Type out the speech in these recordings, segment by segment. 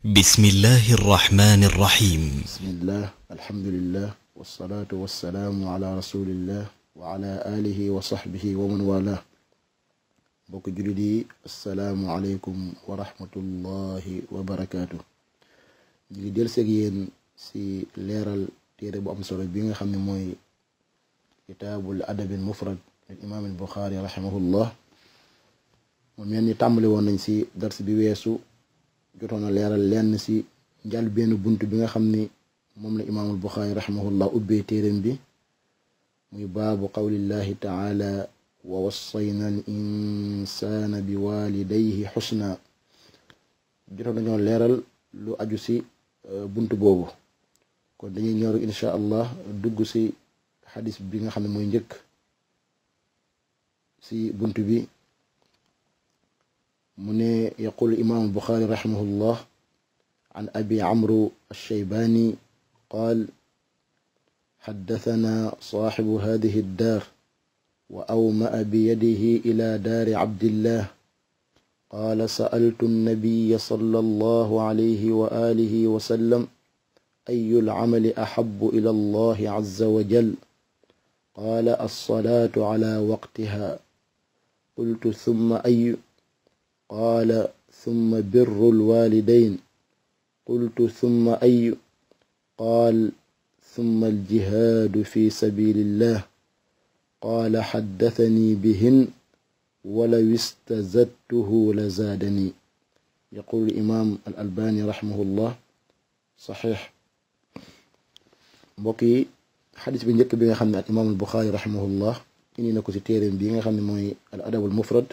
بسم الله الرحمن الرحيم بسم الله الحمد لله والصلاة والسلام على رسول الله وعلى آله وصحبه ومن والاه بك جلدي السلام عليكم ورحمة الله وبركاته نيجي ديل سيغيين سي ليرال تيري بو ام سولو بيغا خامني موي كتاب الادب المفرد للامام البخاري رحمه الله ومن تاملي ونن سي درس بي ويسو jotoon a leeral lenn si njàll benn bunt bi nga xam ni moom la imaamul buxaari raximahullah ubbee téeram bi muy baabu qawlillahi taala wa wassayna al insaana bi waalidayhi xusna jotoon nañoo leeral lu aju si euh, bunt boobu kon dañuy ñëw incha allah dugg si xadis bi nga xam ne mooy njëkk si bunt bi من يقول الإمام البخاري رحمه الله عن أبي عمرو الشيباني قال حدثنا صاحب هذه الدار وأومأ بيده إلى دار عبد الله قال سألت النبي صلى الله عليه وآله وسلم أي العمل أحب إلى الله عز وجل قال الصلاة على وقتها قلت ثم أي قال ثم بر الوالدين قلت ثم أي قال ثم الجهاد في سبيل الله قال حدثني بهن ولو استزدته لزادني يقول الإمام الألباني رحمه الله صحيح بقي حديث بن جك بن الإمام البخاري رحمه الله إني نكو تيرم بي خمني الأدب المفرد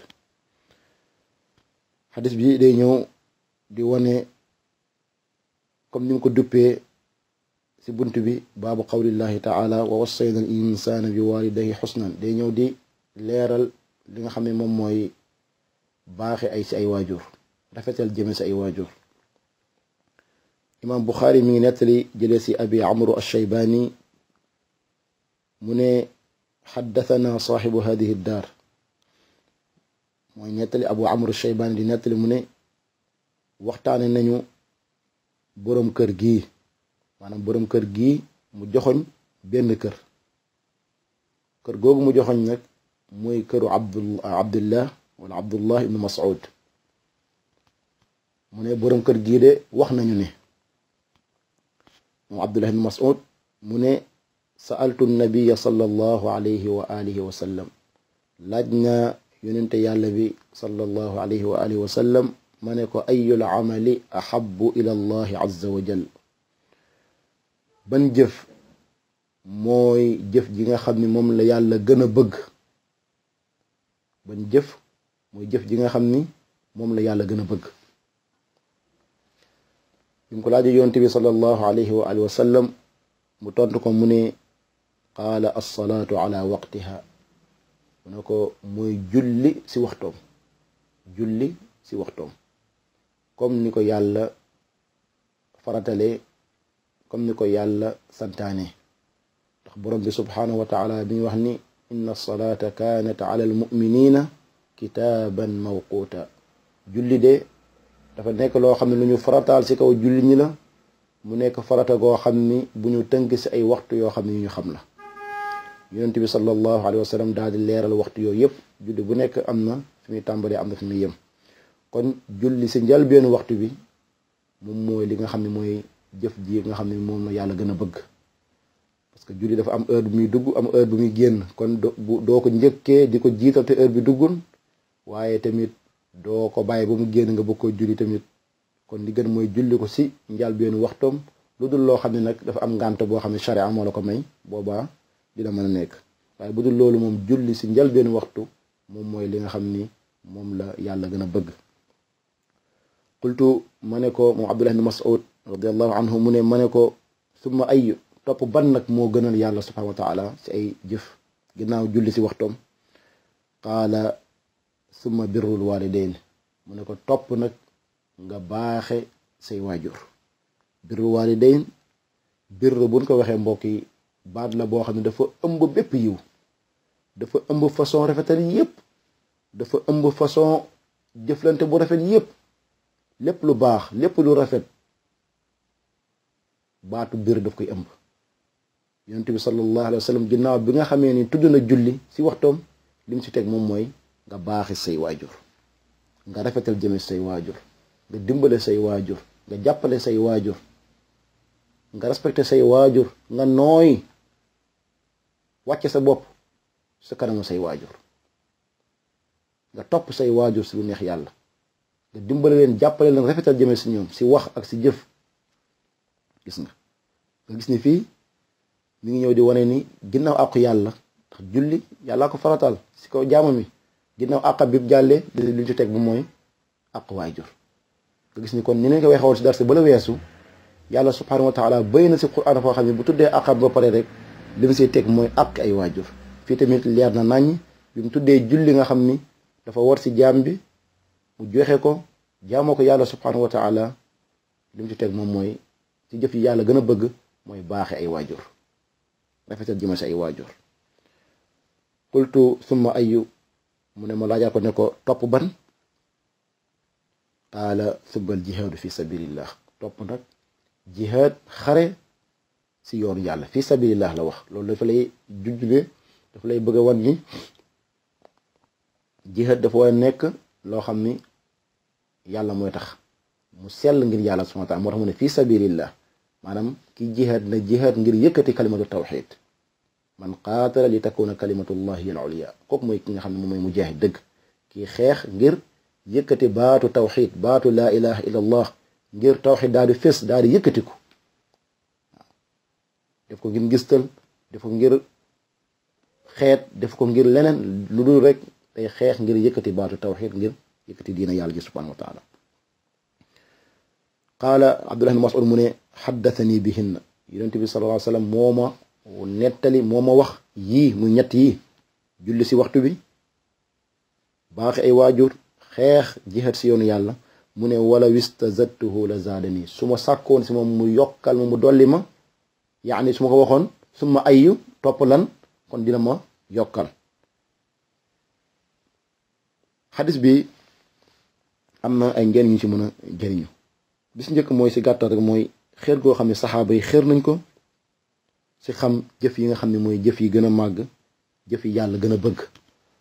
xadis bi day ñëw di wane comme ni mu ko duppee si bunt bi baabu qawlillahi taala wa wassayna al insaana bi waalidayhi xusnan day ñëw di leeral li nga xam ne moom mooy baaxe ay si ay waajur rafetal jëme si ay waajur imaam buxaari mi ngi nettali jëlee si abi amru alshaybaani mu ne xaddathana saaxibu hadihi daar mooy nettali abu amr shaybaani di nettali mu ne waxtaane nañu boroom kër gii maanaam boroom kër gii mu joxoñ benn kër kër googu mu joxoñ nag mooy këru abdu abdullah wala abdullah ibnu mas'ud mu ne boroom kër gii de wax nañu ne moom abdullah ibnu mas'ud mu ne sa'altu nabiya sallallahu alayhi wa alihi wa yonente yàlla bi sallallahu alayhi wa alihi ma ne ko ayul amali ahabu ila allahi azza wa jal ban jëf mooy jëf ji nga xam ni moom la yàlla gën a bëgg ban jëf mooy jëf ji nga xam ni moom la yàlla gën a bëgg bi mu ko laajee yonente bi sallallahu alayhi wa mu tontu ko mu ne qaala alsalaatu waqtiha ونكو موي جولي سي وقتوم جولي سي وقتوم كوم نيكو يالا فراتالي كوم نيكو يالا سانتاني بربي سبحانه وتعالى بي وحني ان الصلاه كانت على المؤمنين كتابا موقوتا جولي دي دا فا نيك لو خامني لونو فراتال سي كو جولي ني لا مو نيك فراتا غو خامني بو نيو تنك سي اي وقت يو خامني ني خام yonent bi sallallahu alayhi wa sallam daal di leeral waxtu yooyu yëpp julli bu nekk am na fi muy tàmbalee am na fi muy yem kon julli si njëlbéen waxtu bi moom mooy li nga xam ne mooy jëf ji nga xam ne moom la yàlla gën a bëgg parce que julli dafa am heure bu muy dugg am bu muy génn kon doo ko njëkkee di ko jiital heure bi duggul waaye tamit doo ko bàyyi ba mu génn nga bëgg ko julli tamit kon li mooy julli ko si njëlbéenu waxtoom lu dul loo xam ne nag dafa am ngànt boo xam ne charia moo la ko may boobaa dina mën a nekk waaye bu dul loolu moom julli si njalbeenu waxtu moom mooy li nga xam ni moom la yàlla gën a bëgg qultu ma ne ko moom abdullah ibn mas'ud radiallahu anhu mu ne ma ne ko suma ay topp ban nag moo gënal yàlla subhanahu wa taala si ay jëf ginnaaw julli si waxtoom qaala suma birrul walidayn mu ne ko topp nag nga baaxe say waajur birrul walidayn birr buñ ko waxee mbokk yi baat la bo xamne dafa ëmb bépp yiw dafa ëmb façon rafetal yépp dafa ëmb façon jëflante bu rafet yépp lepp lu bax lepp lu rafet baatu bir daf koy ëmb yonent bi sallallahu alaihi wasallam sallam bi nga xamé ni tuduna julli ci waxtom lim ci tek mom moy nga baxi say wajur nga rafetal jëme say wajur nga dimbalé say wajur nga jappalé say wajur nga respecté say wajur nga noy wàcce sa bopp sa kanamu say waajur nga topp say waajur si bu neex yàlla nga dimbale leen jàppale leen rafetal jëme si ñoom si wax ak si jëf gis nga nga gis ni fii mu ngi ñëw di wane ni ginnaaw àqu yàlla ndax julli yàllaa ko farataal si kaw jaamu mi ginnaaw àqa bi jàllee li ñu ci teg bu mooy àqu waajur nga gis ni kon ni leen ko waxee woon si dar si ba la weesu yàlla subhanahu wa taala bëy na si quran foo xam ne bu tuddee àqam ba paree rek li mu teg mooy àq ay waajur fii tamit leer na nañ yu mu tuddee julli nga xam ni dafa war si jaam bi mu joxe ko jaamoo ko yàlla subhanahu wa taala li mu si teg moom mooy si jëf yi yàlla gën a bëgg mooy baaxe ay waajur rafetal jëma si ay waajur qultu summa ayu mu ne ma laajal ko ne ko topp ban qaala subbal jihaadu fi sabilillah topp nag jihaad xare si yoonu yàlla fii sabilillah la wax loolu dafa lay jujj ne dafa lay bëgg a wan ni jihaad dafa war nekk loo xam ni yàlla mooy tax mu sell ngir yàlla subhaanahu wa taala moo tax mu ne fii sabilillah maanaam ki jihaad na jihaad ngir yëkkati kalimatu tawxid man qaatala li takuna kalimatullahi al ulya kooku mooy ki nga xam ne moom mooy mujaahid dëgg kii xeex ngir yëkkati baatu tawxid baatu la ilaha illa allah ngir tawxid daal di fés daal di ko def ko ngir ngistal def ko ngir xeet def ko ngir leneen lu dul rek day xeex ngir yëkkati baatu tawxid ngir yëkkati diina yàlla ji subhanahu wa taala qaala abdullah ibn mu ne xaddathani bihinna yonent bi sallallahu alayhi wa sallam moo ma nettali moo ma wax yii mu ñett yii julli si waxtu bi baaxi ay waajur xeex jihaad si yoonu yàlla mu ne wala wistazattuhu la zaadani su ma sàkkoon si moom mu yokkal ma mu dolli ma yaani su ma ko waxoon su ma topp lan kon dina ma yokkal xalis bi am na ay njëriñ ñu ci mën a jëriñu bis njëkk mooy si gàttal rek mooy xeer koo xam ne saxaaba yi xeer nañ ko si xam jëf yi nga xam ne mooy jëf yi gën a màgg jëf yàlla gën a bëgg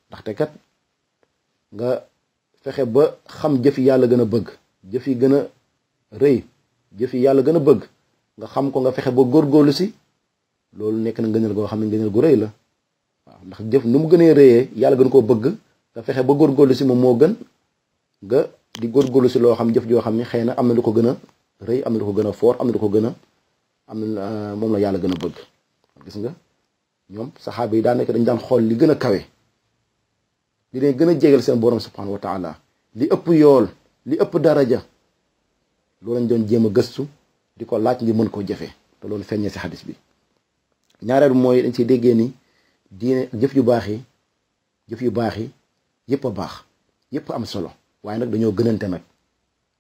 ndaxte kat nga fexe ba xam jëf yi yàlla gën a bëgg jëf yi gën a rëy jëf yi yàlla gën a bëgg nga xam ko nga fexe ba góor góorlu si loolu nekk na ngëneel goo xam ne ngëneel gu rëy la waaw ndax jëf nu mu gënee rëyee yàlla gën koo bëgg nga fexe ba góor góorgóorlu si moom moo gën nga di góor góorgóorlu si loo xam jëf joo xam ne xëy na am na lu ko gën a rëy am na lu ko gën a foor am na lu ko gën a am na euh, moom la yàlla gën a bëgg gis nga ñoom saxaaba yi daanaka dañ daan xool li gën a kawe li leen gën a jégal seen borom subhanahu wa taala li ëpp yool li ëpp daraja loolu lañ doon jéem a gëstu di ko laaj ngir mën koo jëfee te loolu feeñee si xadis bi ñaareel mooy dañ si déggee ni diine jëf yu baax yi jëf yu baax yi yëpp a baax yëpp am solo waaye nag dañoo gënante nag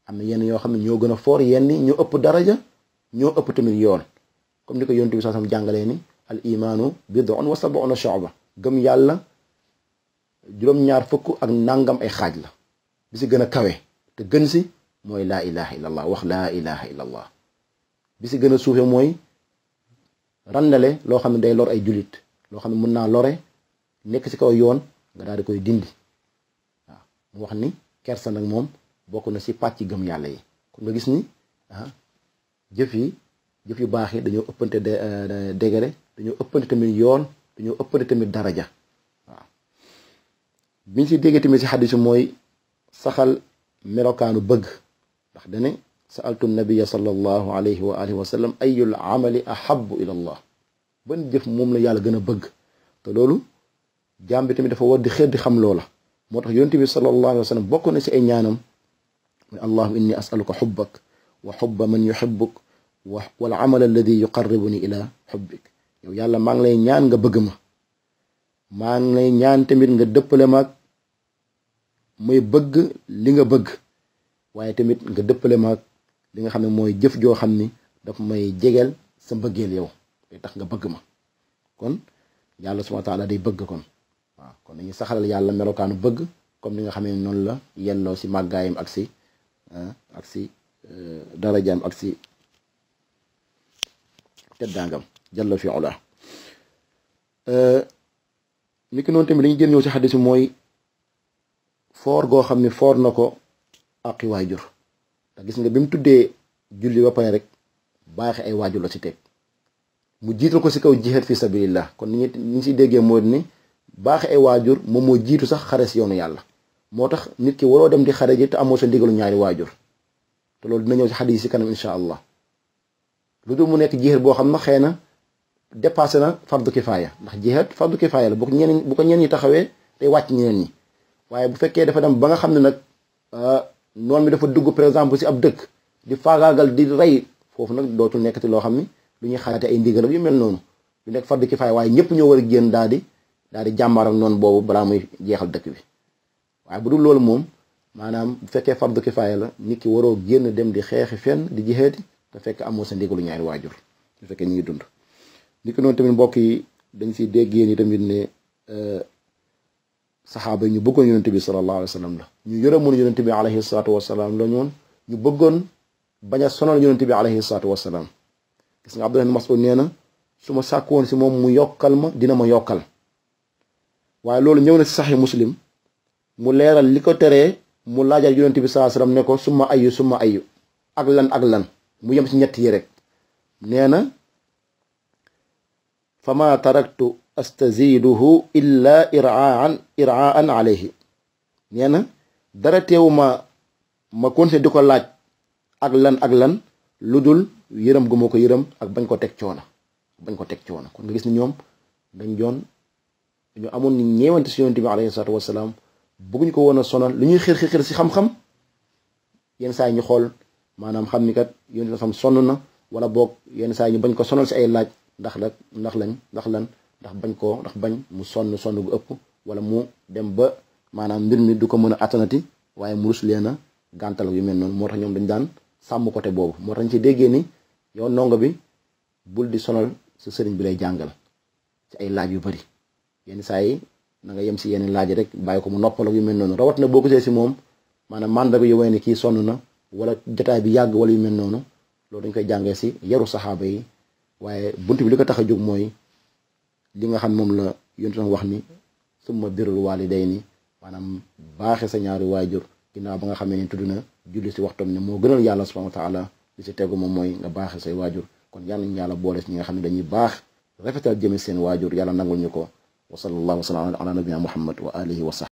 am na yenn yoo xam ne ñoo gën a foor yenn ñoo ëpp daraja ñoo ëpp tamit yoon comme ni ko yonent bi saa sam jàngalee ni al imaanu bid'un wa sab'una shu'ba gëm yàlla juróom-ñaar fukk ak nangam ay xaaj la bi si gën a kawe te gën si mooy laa ilaha illallah wax laa ilaha illallah bi si gëna a moy randalé randale xamné day lor ay julit lo xamné mëna loré nek ci kaw yoon nga daal di koy dindi mu wax ni kersa nak mom bokku na si patti gëm yalla yi ko nga gis ni ah jëf yi jëf yu baax yi dañoo ëppante dégéré eh, dañu ëppante tamit yoon dañu ëppante tamit daraja waaw biñ ci dégé tamit ci hadith moy saxal melokanu bëgg ndax dane saaltu nabia sallallahu alayhi wa alihi wa sallam ayul allah ban jëf moom la yàlla gën a bëgg te loolu jaam tamit dafa war di xam loola moo tax yonent bi sallallahu alayhi bokk na si ay ñaanam mu allahuma inni asaluka xubbak wa xubba man yuxibuk wa wal amal alladi yuqarribuni ila xubbik yow yàlla maa ngi lay ñaan nga bëgg ma maa ngi lay ñaan tamit nga dëppale maag muy bëgg li nga waaye tamit nga dëppale maag li nga xamne moy jëf jo xamni daf may jegeel sa bëggel yow day tax nga bëgg ma kon yalla subhanahu wa taala day bëgg kon wa kon dañuy saxalal yalla melokanu bëgg comme ni nga xamne non la yello ci màggaayam ak ci ah, ak ci euh, dara jam ak si teddaangam jalla fi ula euh, ni ki non tamit dañuy jël ñëw si xadis bi mooy foor goo xam ne foor na ko te gis nga bi mu tuddee julli ba pare rek baaxe ay waajur la ci teg mu jiital ko ci kaw jihaad fi sabilillah kon ni ñu si déggee moo ni baaxe ay waajur moom moo jiitu sax xare si yoonu yàlla moo tax nit ki waroo dem di xare ji te amoo sa ndigalu ñaari waajur te loolu dina ñëw ci xadiis si kanam incha allah lu dul mu nekk jihaad boo xam na xëy na dépassé na fardu kifaaya ndax jihaad fardu kifaaya la bu ko bu ko ñenn ñi taxawee day wàcc ñeneen ñi waaye nga xam ne nag ah, noon bi dafa dugg par exemple si ab dëkk di faagaagal di rey foofu nag dootul nekkati loo xam ni lu ñuy xalaate ay ndigalam yu mel noonu lu nekk fardu kifaaya waaye ñëpp ñoo war a génn daal di daal di jàmbaar balaa muy jeexal dëkk bi waaye bu dul loolu moom maanaam bu fekkee fardu kifaaya la nit ki waroo génn dem di xeexi fenn di jixeeti te fekk amoo sa ndigalu ñaari waajur bu fekkee ñu ngi dund nit ki noonu tamit mbokk yi dañ si dégg yéen yi tamit ne euh, saxaaba yi ñu bëggoon yonente bi sallallahu alayhi wa sallam la ñu yërëmoon yonente bi alayhi salaatu wasalaam la ñoon ñu bëggoon bañ a sonal yonente bi alayhi salaatu wasalaam gis nga Abdullah Mas'ud nee na su ma sàkk woon si moom mu yokkal ma dina ma yokkal waaye loolu ñëw na si saxi muslim mu leeral li ko teree mu laajal yonente bi sallallahu alayhi ne ko suma ayu suma ayu ak lan ak lan mu yem si ñett yi rek nee na fama taraktu أستزيده إلا إرعاء إرعاء عليه nee na dara teewuma ma continuer di ko laaj ak lan ak lan lu dul yërëm gu ma ko yërëm ak bañ ko teg coono bañ ko teg coono kon nga gis ni ñoom dañ doon dañoo amoon ni ñeewante si yonent bi alayhi salaatu wasalaam bëgguñ ko woon a sonal lu ñuy xir xir xir si xam-xam yenn saa yi ñu xool maanaam xam ni kat yonent bi xam sonn na wala boog yenn saa yi ñu bañ ko sonal si ay laaj ndax la ndax lañ ndax lan ndax bañ ko ndax bañ mu son sonn gu ëpp wala mu dem ba manam mbir mi du ko mëna atanati waye mu rus leena gantal yu mel non moo tax dañ daan sam côté bobu moo tax ci déggé ni yow ndongo bi bul di sonal sa sëriñ bi lay jàngal ci ay laaj yu bari yeen saay na nga yem si yeen laaj rek bàyyi ko mu noppal yu mel non rawat na boo jé ci mom manam mandat bi yowee ki sonu na wala jotaay bi yagg wala yu mel non lo dañ koy jàngé si yaru sahaba yi waye buntu bi li ko moy li nga xam moom la yontu wax ni summa birrul waalidayni maanaam baaxe sa ñaari waajur ginnaaw ba nga xamee ni tudd na julli si waxtoom ne moo gënal yàlla subhanahu wa taala li si tegu moom mooy nga baaxe say waajur kon yal nañu yàlla boole si ñi nga xam ne dañuy baax rafetal jëme seen waajur yàlla nangul ñu ko wa sallallahu wa sallam ala nabina muhammad wa alihi wa sahbihi